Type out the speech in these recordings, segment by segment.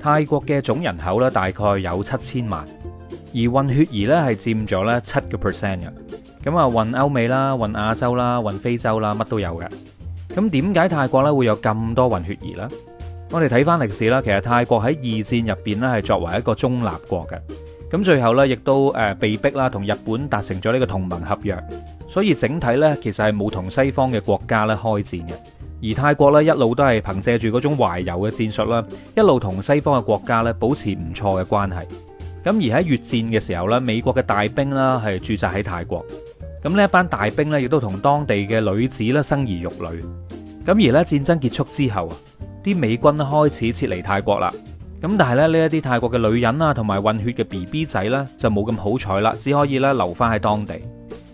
泰國嘅總人口咧大概有七千萬，而混血兒咧係佔咗咧七個 percent 嘅。咁啊，混歐美啦，混亞洲啦，混非洲啦，乜都有嘅。咁點解泰國咧會有咁多混血兒呢？我哋睇翻歷史啦，其實泰國喺二戰入邊咧係作為一個中立國嘅，咁最後咧亦都誒被逼啦同日本達成咗呢個同盟合約，所以整體咧其實係冇同西方嘅國家咧開戰嘅。而泰國咧，一路都係憑借住嗰種懷柔嘅戰術啦，一路同西方嘅國家咧保持唔錯嘅關係。咁而喺越戰嘅時候咧，美國嘅大兵啦係駐紮喺泰國。咁呢一班大兵咧，亦都同當地嘅女子啦生兒育女。咁而咧戰爭結束之後啊，啲美軍開始撤離泰國啦。咁但係咧呢一啲泰國嘅女人啊，同埋混血嘅 B B 仔咧就冇咁好彩啦，只可以咧留翻喺當地。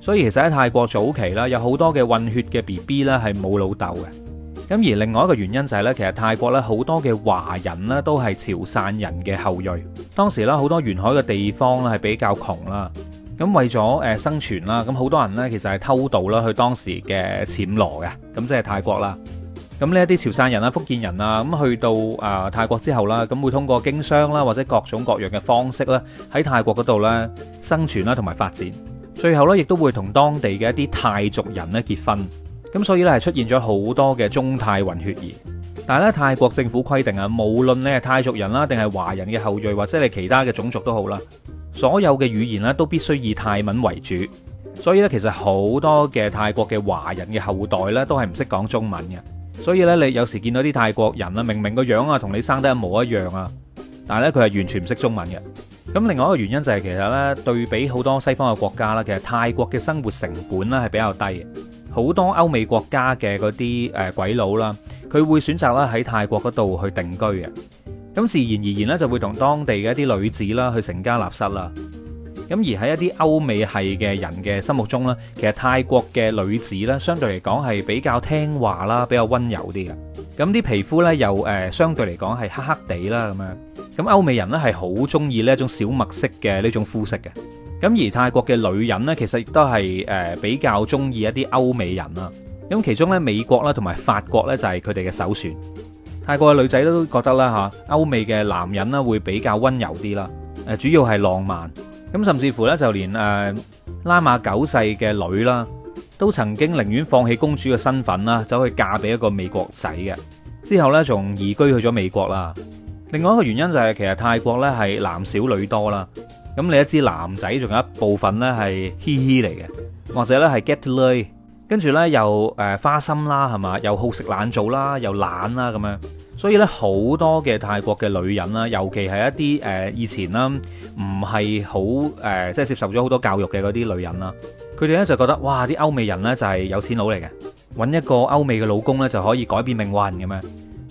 所以其實喺泰國早期啦，有好多嘅混血嘅 B B 咧係冇老豆嘅。咁而另外一個原因就係咧，其實泰國咧好多嘅華人咧都係潮汕人嘅後裔。當時咧好多沿海嘅地方咧係比較窮啦，咁為咗誒生存啦，咁好多人呢其實係偷渡啦去當時嘅暹羅嘅，咁即係泰國啦。咁呢一啲潮汕人啊、福建人啊，咁去到啊泰國之後啦，咁會通過經商啦或者各種各樣嘅方式咧喺泰國嗰度咧生存啦同埋發展，最後咧亦都會同當地嘅一啲泰族人咧結婚。咁所以咧，係出現咗好多嘅中泰混血兒。但係咧，泰國政府規定啊，無論你係泰族人啦，定係華人嘅後裔，或者你其他嘅種族都好啦，所有嘅語言咧都必須以泰文為主。所以咧，其實好多嘅泰國嘅華人嘅後代咧，都係唔識講中文嘅。所以咧，你有時見到啲泰國人啊，明明個樣啊同你生得一模一樣啊，但係咧佢係完全唔識中文嘅。咁另外一個原因就係，其實咧，對比好多西方嘅國家啦，其實泰國嘅生活成本咧係比較低。好多歐美國家嘅嗰啲誒鬼佬啦，佢會選擇咧喺泰國嗰度去定居嘅。咁自然而然咧就會同當地嘅一啲女子啦去成家立室啦。咁而喺一啲歐美系嘅人嘅心目中呢，其實泰國嘅女子呢，相對嚟講係比較聽話啦，比較溫柔啲嘅。咁啲皮膚呢，又誒相對嚟講係黑黑哋啦咁樣。咁歐美人呢，係好中意呢一種小麥色嘅呢種膚色嘅。咁而泰國嘅女人呢，其實亦都係誒比較中意一啲歐美人啦。咁其中呢，美國啦同埋法國呢，就係佢哋嘅首選。泰國嘅女仔都覺得啦嚇，歐美嘅男人呢會比較温柔啲啦。誒，主要係浪漫。咁甚至乎呢，就連誒拉馬九世嘅女啦，都曾經寧願放棄公主嘅身份啦，走去嫁俾一個美國仔嘅。之後呢，仲移居去咗美國啦。另外一個原因就係其實泰國呢係男少女多啦。咁你一知男仔仲有一部分呢係嘻嘻嚟嘅，或者呢係 get LAY，跟住呢又誒花心啦，係嘛，又好食懶做啦，又懶啦咁樣。所以呢，好多嘅泰國嘅女人啦，尤其係一啲誒、呃、以前啦唔係好誒，即係接受咗好多教育嘅嗰啲女人啦，佢哋呢就覺得哇，啲歐美人呢就係有錢佬嚟嘅，揾一個歐美嘅老公呢就可以改變命運咁樣。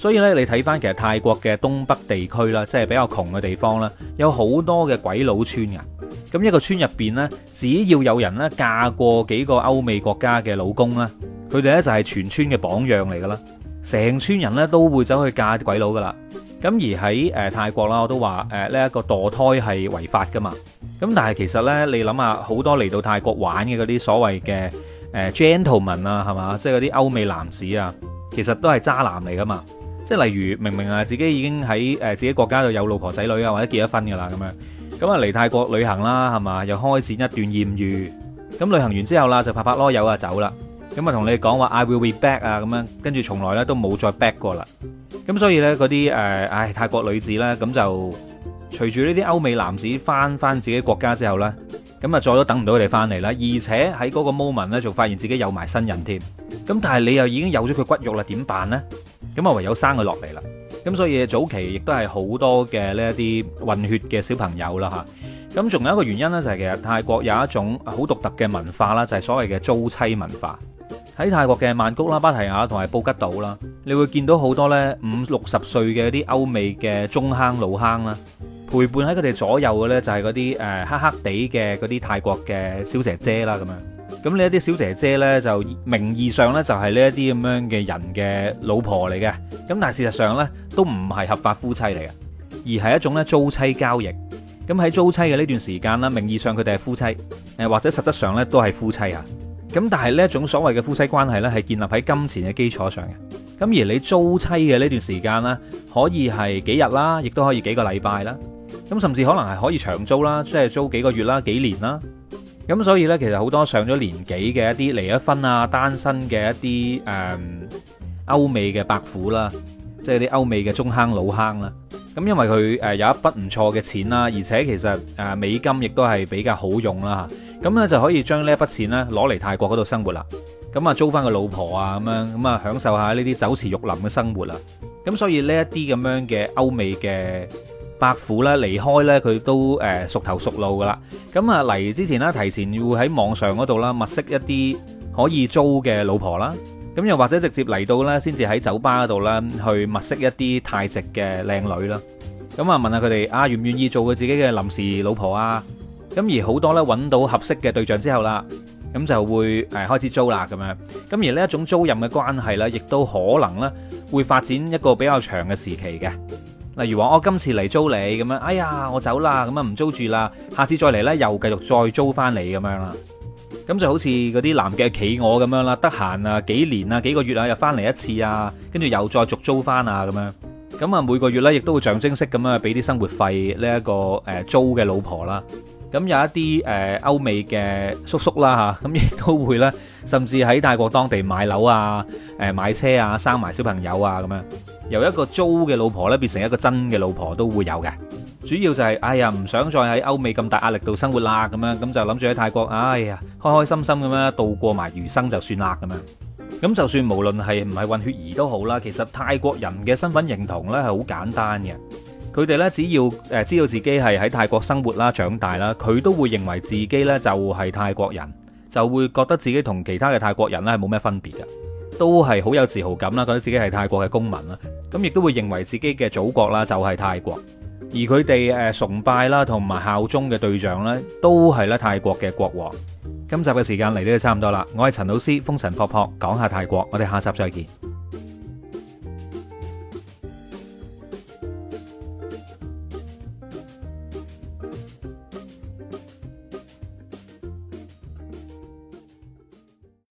所以咧，你睇翻其實泰國嘅東北地區啦，即係比較窮嘅地方啦，有好多嘅鬼佬村噶。咁一個村入邊呢，只要有人咧嫁過幾個歐美國家嘅老公啦，佢哋呢就係全村嘅榜樣嚟噶啦。成村人呢都會走去嫁啲鬼佬噶啦。咁而喺誒泰國啦，我都話誒呢一個墮胎係違法噶嘛。咁但係其實呢，你諗下好多嚟到泰國玩嘅嗰啲所謂嘅誒 gentlemen 啊，係嘛，即係嗰啲歐美男子啊，其實都係渣男嚟噶嘛。即係例如，明明啊自己已經喺誒自己國家度有老婆仔女啊，或者結咗婚噶啦咁樣，咁啊嚟泰國旅行啦，係嘛？又開展一段艷遇，咁旅行完之後啦，就拍拍籮柚啊走啦，咁啊同你講話 I will be back 啊咁樣，跟住從來咧都冇再 back 過啦。咁所以呢，嗰啲誒，唉、呃、泰國女子呢，咁就隨住呢啲歐美男子翻翻自己國家之後呢，咁啊再都等唔到佢哋翻嚟啦，而且喺嗰個 moment 呢，仲發現自己有埋新人添。咁但係你又已經有咗佢骨肉啦，點辦呢？咁啊，唯有生佢落嚟啦。咁所以早期亦都係好多嘅呢一啲混血嘅小朋友啦，嚇。咁仲有一個原因呢，就係其實泰國有一種好獨特嘅文化啦，就係所謂嘅租妻文化。喺泰國嘅曼谷啦、芭提雅同埋布吉島啦，你會見到好多呢五六十歲嘅啲歐美嘅中坑老坑啦，陪伴喺佢哋左右嘅呢就係嗰啲誒黑黑地嘅嗰啲泰國嘅小姐姐啦咁樣。咁呢一啲小姐姐呢，就名義上呢，就係呢一啲咁樣嘅人嘅老婆嚟嘅，咁但係事實上呢，都唔係合法夫妻嚟嘅，而係一種呢租妻交易。咁喺租妻嘅呢段時間啦，名義上佢哋係夫妻，誒或者實質上呢，都係夫妻啊。咁但係呢一種所謂嘅夫妻關係呢，係建立喺金錢嘅基礎上嘅。咁而你租妻嘅呢段時間啦，可以係幾日啦，亦都可以幾個禮拜啦，咁甚至可能係可以長租啦，即係租幾個月啦、幾年啦。咁所以呢，其實好多上咗年紀嘅一啲離咗婚啊、單身嘅一啲誒歐美嘅白富啦，即係啲歐美嘅中坑老坑啦。咁因為佢誒有一筆唔錯嘅錢啦，而且其實誒美金亦都係比較好用啦。咁呢就可以將呢一筆錢呢攞嚟泰國嗰度生活啦。咁啊租翻個老婆啊咁樣，咁啊享受下呢啲酒池肉林嘅生活啦。咁所以呢一啲咁樣嘅歐美嘅伯父咧離開咧，佢都誒熟頭熟路噶啦。咁啊嚟之前咧，提前要喺網上嗰度啦，物色一啲可以租嘅老婆啦。咁又或者直接嚟到咧，先至喺酒吧嗰度咧，去物色一啲太直嘅靚女啦。咁啊，問下佢哋啊，願唔願意做佢自己嘅臨時老婆啊？咁而好多咧揾到合適嘅對象之後啦，咁就會誒開始租啦咁樣。咁而呢一種租賃嘅關係咧，亦都可能咧會發展一個比較長嘅時期嘅。例如話我今次嚟租你咁樣，哎呀我走啦，咁啊唔租住啦，下次再嚟咧又繼續再租翻你咁樣啦，咁就好似嗰啲男嘅企鵝咁樣啦，得閒啊幾年啊幾個月啊又翻嚟一次啊，跟住又再續租翻啊咁樣，咁啊每個月咧亦都會象徵式咁樣俾啲生活費呢一個誒租嘅老婆啦，咁有一啲誒歐美嘅叔叔啦吓，咁亦都會咧，甚至喺泰國當地買樓啊，誒買車啊，生埋小朋友啊咁樣。由一個租嘅老婆咧變成一個真嘅老婆都會有嘅，主要就係哎呀唔想再喺歐美咁大壓力度生活啦咁樣，咁就諗住喺泰國，哎呀開開心心咁樣度過埋餘生就算啦咁樣。咁就算無論係唔係混血兒都好啦，其實泰國人嘅身份認同呢係好簡單嘅，佢哋呢，只要誒知道自己係喺泰國生活啦、長大啦，佢都會認為自己呢就係泰國人，就會覺得自己同其他嘅泰國人呢係冇咩分別嘅。都係好有自豪感啦，覺得自己係泰國嘅公民啦，咁亦都會認為自己嘅祖國啦就係泰國，而佢哋誒崇拜啦同埋效忠嘅對象呢，都係咧泰國嘅國王。今集嘅時間嚟到就差唔多啦，我係陳老師，風塵僕僕講下泰國，我哋下集再見。